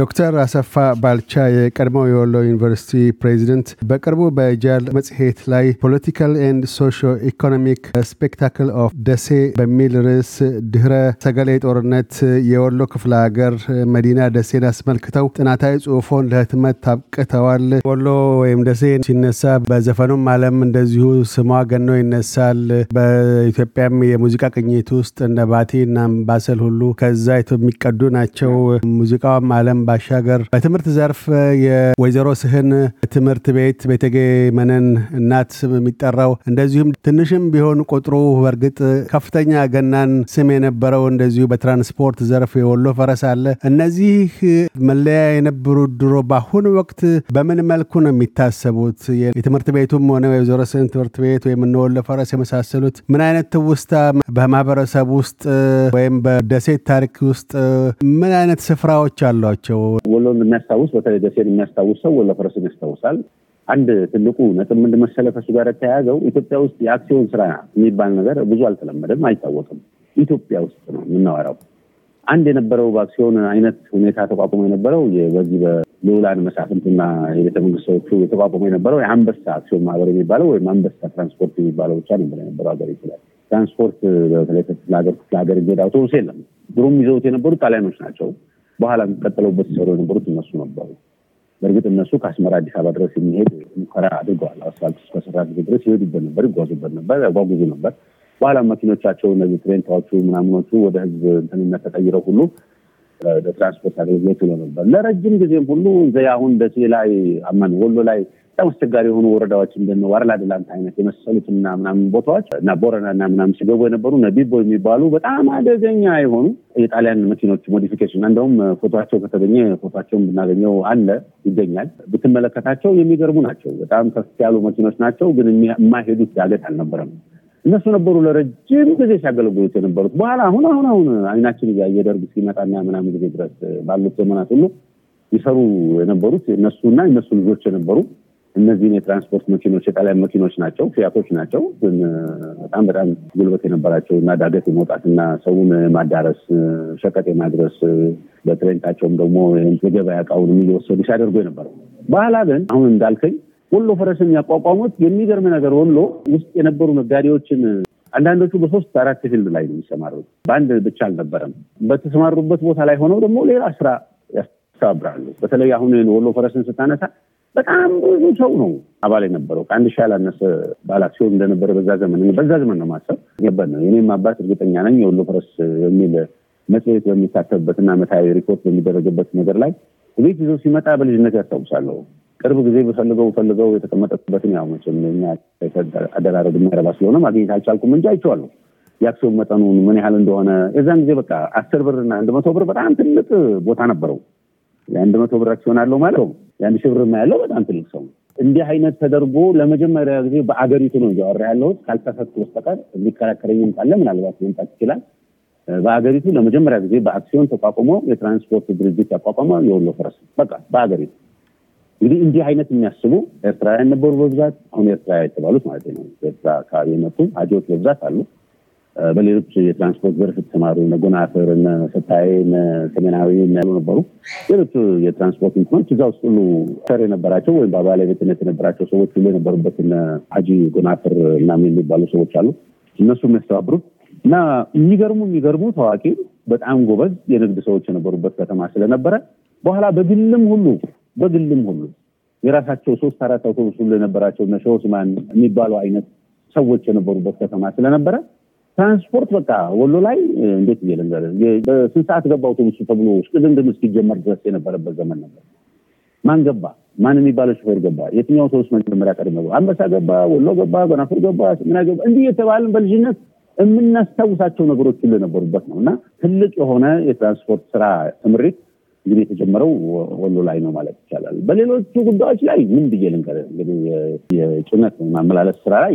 ዶክተር አሰፋ ባልቻ የቀድሞው የወሎ ዩኒቨርሲቲ ፕሬዚደንት፣ በቅርቡ በጃል መጽሔት ላይ ፖለቲካል ኤንድ ሶሾ ኢኮኖሚክ ስፔክታክል ኦፍ ደሴ በሚል ርዕስ ድህረ ሰገሌ ጦርነት የወሎ ክፍለ ሀገር መዲና ደሴን አስመልክተው ጥናታዊ ጽሁፎን ለህትመት ታብቅተዋል። ወሎ ወይም ደሴ ሲነሳ በዘፈኑም ዓለም እንደዚሁ ስሟ ገኖ ይነሳል። በኢትዮጵያም የሙዚቃ ቅኝት ውስጥ እነ ባቲ እና አምባሰል ሁሉ ከዛ የሚቀዱ ናቸው። ሙዚቃውም ዓለም ባሻገር በትምህርት ዘርፍ የወይዘሮ ስህን ትምህርት ቤት ቤተጌ መነን እናት ስም የሚጠራው እንደዚሁም ትንሽም ቢሆን ቁጥሩ በእርግጥ ከፍተኛ ገናን ስም የነበረው እንደዚሁ በትራንስፖርት ዘርፍ የወሎ ፈረስ አለ። እነዚህ መለያ የነበሩ ድሮ በአሁኑ ወቅት በምን መልኩ ነው የሚታሰቡት? የትምህርት ቤቱም ሆነ ወይዘሮ ስህን ትምህርት ቤት ወይም እነወሎ ፈረስ የመሳሰሉት ምን አይነት ትውስታ በማህበረሰብ ውስጥ ወይም በደሴት ታሪክ ውስጥ ምን አይነት ስፍራዎች አሏቸው? ናቸው። ወሎን የሚያስታውስ በተለይ ደሴን የሚያስታውስ ሰው ወሎ ፈረስን ያስታውሳል። አንድ ትልቁ ነጥብ ምንድን መሰለህ ከእሱ ጋር የተያያዘው ኢትዮጵያ ውስጥ የአክሲዮን ስራ የሚባል ነገር ብዙ አልተለመደም፣ አይታወቅም። ኢትዮጵያ ውስጥ ነው የምናወራው። አንድ የነበረው በአክሲዮን አይነት ሁኔታ ተቋቁሞ የነበረው በዚህ በልዑላን መሳፍንትና የቤተ መንግስት ሰዎቹ የተቋቁሞ የነበረው የአንበሳ አክሲዮን ማህበር የሚባለው ወይም አንበሳ ትራንስፖርት የሚባለው ብቻ ነበር የነበረው ሀገር ይችላል ትራንስፖርት በተለይ ክፍለ ሀገር ክፍለ ሀገር የሚሄድ አውቶቡስ የለም። ድሮም ይዘውት የነበሩ ጣሊያኖች ናቸው። በኋላ የሚቀጥለውበት ሲሰሩ የነበሩት እነሱ ነበሩ። በእርግጥ እነሱ ከአስመራ አዲስ አበባ ድረስ የሚሄድ ሙከራ አድርገዋል። አስፋልት እስከሰራ ጊዜ ድረስ ይሄዱበት ነበር፣ ይጓዙበት ነበር፣ ያጓጉዙ ነበር። በኋላ መኪኖቻቸው እነዚህ ትሬንታዎቹ ምናምኖቹ ወደ ህዝብ እንትንነት ተቀይረው ሁሉ ትራንስፖርት አገልግሎት ይሎ ነበር። ለረጅም ጊዜም ሁሉ እዚ አሁን ደሴ ላይ አማን ወሎ ላይ በጣም አስቸጋሪ የሆኑ ወረዳዎች እንደነ ዋርላ ደላንት አይነት የመሰሉትና ምናምን ቦታዎች እና ቦረናና ምናምን ሲገቡ የነበሩ ነቢቦ የሚባሉ በጣም አደገኛ የሆኑ የጣሊያን መኪኖች ሞዲፊኬሽን እንደውም ፎቶቸው ከተገኘ ፎቶቸውን ብናገኘው አለ ይገኛል። ብትመለከታቸው የሚገርሙ ናቸው። በጣም ከፍ ያሉ መኪኖች ናቸው፣ ግን የማይሄዱት ዳገት አልነበረም። እነሱ ነበሩ ለረጅም ጊዜ ሲያገለግሉት የነበሩት። በኋላ አሁን አሁን አሁን አይናችን እያየ ደርግ ሲመጣና ምናምን ጊዜ ድረስ ባሉት ዘመናት ሁሉ ይሰሩ የነበሩት እነሱና የነሱ ልጆች የነበሩ እነዚህን የትራንስፖርት መኪኖች የጣሊያን መኪኖች ናቸው፣ ፊያቶች ናቸው። ግን በጣም በጣም ጉልበት የነበራቸው እና ዳገት የመውጣት እና ሰውን ማዳረስ ሸቀጥ የማድረስ በትሬንጣቸውም ደግሞ የገበያ እቃውንም እየወሰዱ ሲያደርጉ የነበረው ባህላ ግን አሁን እንዳልከኝ ወሎ ፈረስን ያቋቋሙት የሚገርም ነገር ወሎ ውስጥ የነበሩ ነጋዴዎችን አንዳንዶቹ በሶስት አራት ፊልድ ላይ ነው የሚሰማሩት፣ በአንድ ብቻ አልነበረም። በተሰማሩበት ቦታ ላይ ሆነው ደግሞ ሌላ ስራ ያስተባብራሉ። በተለይ አሁን ወሎ ፈረስን ስታነሳ በጣም ብዙ ሰው ነው አባል የነበረው ከአንድ ሺህ ያላነሰ ባል አክሲዮን እንደነበረ በዛ ዘመን በዛ ዘመን ነው ማሰብ ገባን ነው። የኔም አባት እርግጠኛ ነኝ የወሎ ፈረስ የሚል መጽሔት በሚታተብበትና መታዊ ሪፖርት በሚደረግበት ነገር ላይ ቤት ይዞ ሲመጣ በልጅነት ያስታውሳለሁ። ቅርብ ጊዜ በፈልገው ፈልገው የተቀመጠበትን ያው መቼም አደራረግ የሚያረባ ስለሆነ ማግኘት አልቻልኩም እንጂ አይቼዋለሁ። የአክሲዮን መጠኑን ምን ያህል እንደሆነ የዛን ጊዜ በቃ አስር ብርና አንድ መቶ ብር በጣም ትልቅ ቦታ ነበረው። የአንድ መቶ ብር አክሲዮን አለው ማለት ነው የአንድ ሺህ ያለው በጣም ትልቅ ሰው ነው። እንዲህ አይነት ተደርጎ ለመጀመሪያ ጊዜ በአገሪቱ ነው እያወራ ያለሁት። ካልተፈቱ በስተቀር የሚከራከረኝም ካለ ምናልባት መምጣት ይችላል። በአገሪቱ ለመጀመሪያ ጊዜ በአክሲዮን ተቋቁሞ የትራንስፖርት ድርጅት ያቋቋመ የወሎ ፈረስ በቃ በአገሪቱ እንግዲህ እንዲህ አይነት የሚያስቡ ኤርትራውያን ነበሩ በብዛት አሁን ኤርትራ የተባሉት ማለት ነው። ኤርትራ አካባቢ የመጡ ሀጂዎች በብዛት አሉ። በሌሎች የትራንስፖርት ዘርፍ የተሰማሩ ነጎናፍር ስታይ ሰሜናዊ ያሉ ነበሩ። ሌሎቹ የትራንስፖርት እንትኖች እዛ ውስጥ ሁሉ ሰር የነበራቸው ወይም በባለቤትነት የነበራቸው ሰዎች ሁሉ የነበሩበት አጂ ጎናፍር ምናምን የሚባሉ ሰዎች አሉ። እነሱ የሚያስተባብሩት እና የሚገርሙ የሚገርሙ ታዋቂ በጣም ጎበዝ የንግድ ሰዎች የነበሩበት ከተማ ስለነበረ በኋላ በግልም ሁሉ በግልም ሁሉ የራሳቸው ሶስት አራት አውቶቡስ ሁሉ የነበራቸው እነ የሚባሉ አይነት ሰዎች የነበሩበት ከተማ ስለነበረ ትራንስፖርት በቃ ወሎ ላይ እንዴት ብዬ ልንገር፣ በስንት ሰዓት ገባ አውቶቡሱ ተብሎ እስቅድምድም እስኪጀመር ድረስ የነበረበት ዘመን ነበር። ማን ገባ ማን የሚባለው ሾፌር ገባ፣ የትኛው አውቶቡስ መጀመሪያ ቀድመ አንበሳ ገባ፣ ወሎ ገባ፣ ጎናፉር ገባ፣ ምና ገባ፣ እንዲህ የተባልን በልጅነት የምናስታውሳቸው ነገሮች ለነበሩበት ነው እና ትልቅ የሆነ የትራንስፖርት ስራ ትምሪት እንግዲህ የተጀመረው ወሎ ላይ ነው ማለት ይቻላል። በሌሎቹ ጉዳዮች ላይ ምን ብዬ ልንገር እንግዲህ የጭነት ማመላለስ ስራ ላይ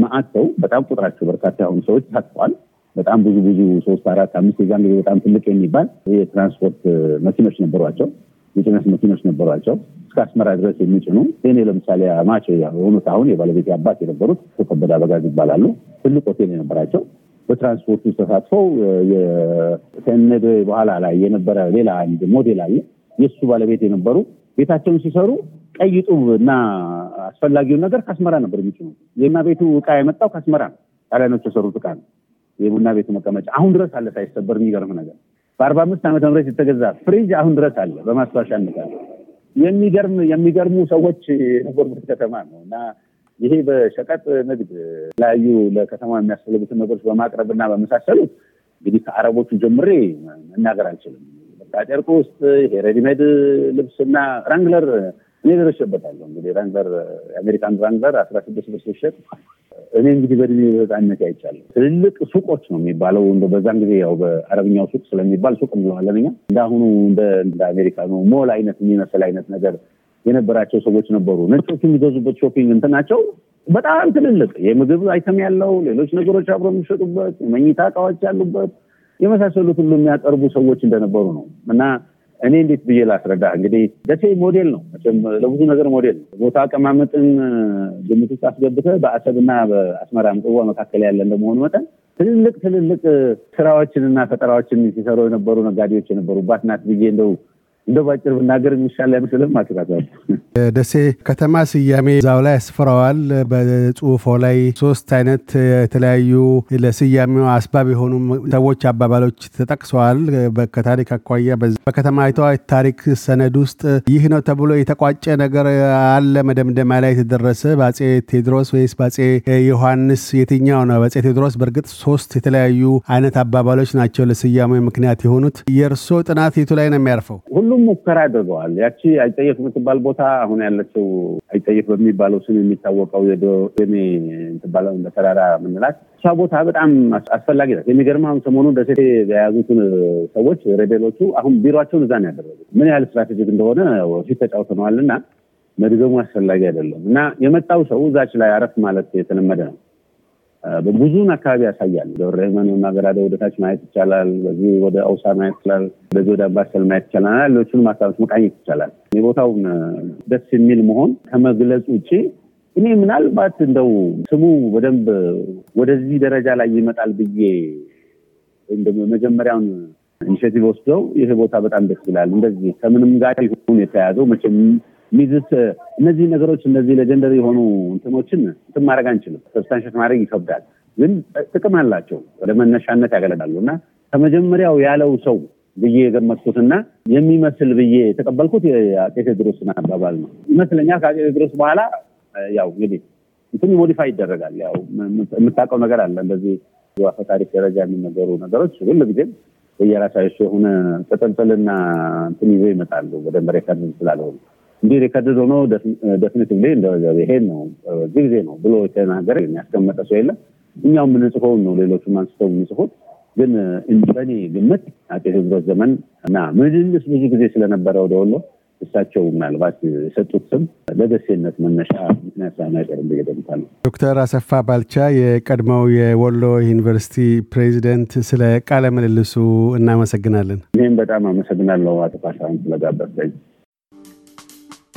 ማአተው በጣም ቁጥራቸው በርካታ የሆኑ ሰዎች ታጥቀዋል። በጣም ብዙ ብዙ ሶስት አራት አምስት የዛን ጊዜ በጣም ትልቅ የሚባል የትራንስፖርት መኪኖች ነበሯቸው፣ የጭነት መኪኖች ነበሯቸው እስከ አስመራ ድረስ የሚጭኑ እኔ ለምሳሌ ማቸው የሆኑት አሁን የባለቤት አባት የነበሩት ከበደ አበጋዝ ይባላሉ። ትልቅ ሆቴል የነበራቸው በትራንስፖርቱ ተሳትፈው ከነደ በኋላ ላይ የነበረ ሌላ አንድ ሞዴል አለ። የእሱ ባለቤት የነበሩ ቤታቸውን ሲሰሩ ቀይ ጡብ እና አስፈላጊውን ነገር ከአስመራ ነበር የሚጭኑ። የቡና ቤቱ እቃ የመጣው ከአስመራ ነው። ጣሊያኖች የሰሩት እቃ ነው። የቡና ቤቱ መቀመጫ አሁን ድረስ አለ ሳይሰበር። የሚገርም ነገር በአርባ አምስት ዓመተ ምህረት የተገዛ ፍሪጅ አሁን ድረስ አለ በማስታወሻነት የሚገርም የሚገርሙ ሰዎች የነበሩበት ከተማ ነው እና ይሄ በሸቀጥ ንግድ ላዩ ለከተማ የሚያስፈልጉትን ነገሮች በማቅረብ እና በመሳሰሉት እንግዲህ ከአረቦቹ ጀምሬ መናገር አልችልም። ጨርቅ ውስጥ ይሄ ሬዲሜድ ልብስና ራንግለር እኔ ደረሸበታለሁ። እንግዲህ ራንግለር የአሜሪካን ራንግለር አስራ ስድስት ብር ሲሸጥ እኔ እንግዲህ በእድሜ በጣነት አይቻለሁ። ትልልቅ ሱቆች ነው የሚባለው እንደ በዛን ጊዜ ያው በአረብኛው ሱቅ ስለሚባል ሱቅ እንለዋለን እኛ። እንደ አሁኑ እንደ አሜሪካኑ ሞል አይነት የሚመስል አይነት ነገር የነበራቸው ሰዎች ነበሩ። ነጮች የሚገዙበት ሾፒንግ እንትናቸው በጣም ትልልቅ የምግብ አይተም ያለው ሌሎች ነገሮች አብሮ የሚሸጡበት የመኝታ እቃዎች ያሉበት የመሳሰሉት ሁሉ የሚያቀርቡ ሰዎች እንደነበሩ ነው እና እኔ እንዴት ብዬ ላስረዳ? እንግዲህ ደሴ ሞዴል ነው፣ ለብዙ ነገር ሞዴል ነው። ቦታ አቀማመጥን ግምት ውስጥ አስገብተህ በአሰብና በአስመራ ምጽዋ መካከል ያለ እንደመሆኑ መጠን ትልልቅ ትልልቅ ስራዎችንና ፈጠራዎችን ሲሰሩ የነበሩ ነጋዴዎች የነበሩባት ናት ብዬ እንደው እንደ ባጭር ብናገር የሚሻል አይመስልም። አትራዛል ደሴ ከተማ ስያሜ እዛው ላይ አስፍረዋል። በጽሁፎ ላይ ሶስት አይነት የተለያዩ ለስያሜው አስባብ የሆኑ ሰዎች አባባሎች ተጠቅሰዋል። ከታሪክ አኳያ በከተማይቷ ታሪክ ሰነድ ውስጥ ይህ ነው ተብሎ የተቋጨ ነገር አለ መደምደማ ላይ የተደረሰ በአጼ ቴዎድሮስ ወይስ በአጼ ዮሐንስ የትኛው ነው? በአጼ ቴዎድሮስ በእርግጥ ሶስት የተለያዩ አይነት አባባሎች ናቸው ለስያሜው ምክንያት የሆኑት። የእርሶ ጥናት የቱ ላይ ነው የሚያርፈው? ሁሉም ሙከራ አድርገዋል። ያቺ አይጠየፍ የምትባል ቦታ አሁን ያለችው አይጠየፍ በሚባለው ስም የሚታወቀው የዶሜ የምትባለው በተራራ ምንላት እሷ ቦታ በጣም አስፈላጊ ናት። የሚገርም አሁን ሰሞኑን ደሴ የያዙትን ሰዎች ሬቤሎቹ አሁን ቢሮቸውን እዛ ነው ምን ያህል ስትራቴጂክ እንደሆነ ፊት ተጫውተነዋል እና መድገሙ አስፈላጊ አይደለም እና የመጣው ሰው እዛች ላይ አረፍ ማለት የተለመደ ነው። በብዙን አካባቢ ያሳያል። ደብረ ሕይወትን አገራደ ወደታች ማየት ይቻላል። በዚህ ወደ አውሳ ማየት ይችላል። በዚህ ወደ አምባሰል ማየት ይቻላል። ሌሎችን አካባቢዎች መቃኘት ይቻላል። የቦታውን ደስ የሚል መሆን ከመግለጽ ውጭ እኔ ምናልባት እንደው ስሙ በደንብ ወደዚህ ደረጃ ላይ ይመጣል ብዬ ወይም ደግሞ የመጀመሪያውን ኢኒሽቲቭ ወስደው ይህ ቦታ በጣም ደስ ይላል እንደዚህ ከምንም ጋር ይሁን የተያዘው መቼም ሚዝስ እነዚህ ነገሮች እነዚህ ሌጀንደሪ የሆኑ እንትኖችን እንትን ማድረግ አንችልም። ሰብስታንሽት ማድረግ ይከብዳል፣ ግን ጥቅም አላቸው። ወደ መነሻነት ያገለግላሉ እና ከመጀመሪያው ያለው ሰው ብዬ የገመትኩትና የሚመስል ብዬ የተቀበልኩት የአጤ ቴዎድሮስን አባባል ነው ይመስለኛል። ከአጤ ቴዎድሮስ በኋላ ያው እንግዲህ እንትን ሞዲፋይ ይደረጋል። ያው የምታውቀው ነገር አለ እንደዚህ አፈ ታሪክ ደረጃ የሚነገሩ ነገሮች ሁሉ ጊዜም በየራሳቸው የሆነ ቅጥልጥልና እንትን ይዞ ይመጣሉ ወደ መሬት ስላልሆኑ እንዲህ ሪከርድ ሆኖ ደፍኒቲቭሊ ይሄን ነው በዚህ ጊዜ ነው ብሎ የተናገረ የሚያስቀመጠ ሰው የለም። እኛው የምንጽፈውን ነው ሌሎቹ አንስተው የሚጽፉት። ግን በእኔ ግምት አጤ ቴዎድሮስ ዘመን እና ምልልስ ብዙ ጊዜ ስለነበረ ወደ ወሎ እሳቸው ምናልባት የሰጡት ስም ለደሴነት መነሻ ምክንያት ሳይሆን አይቀርም ብዬ እገምታለሁ። ዶክተር አሰፋ ባልቻ የቀድሞው የወሎ ዩኒቨርሲቲ ፕሬዚደንት፣ ስለ ቃለ ምልልሱ እናመሰግናለን። ይህም በጣም አመሰግናለሁ አቶ ካሳሁን ስለጋበዝከኝ።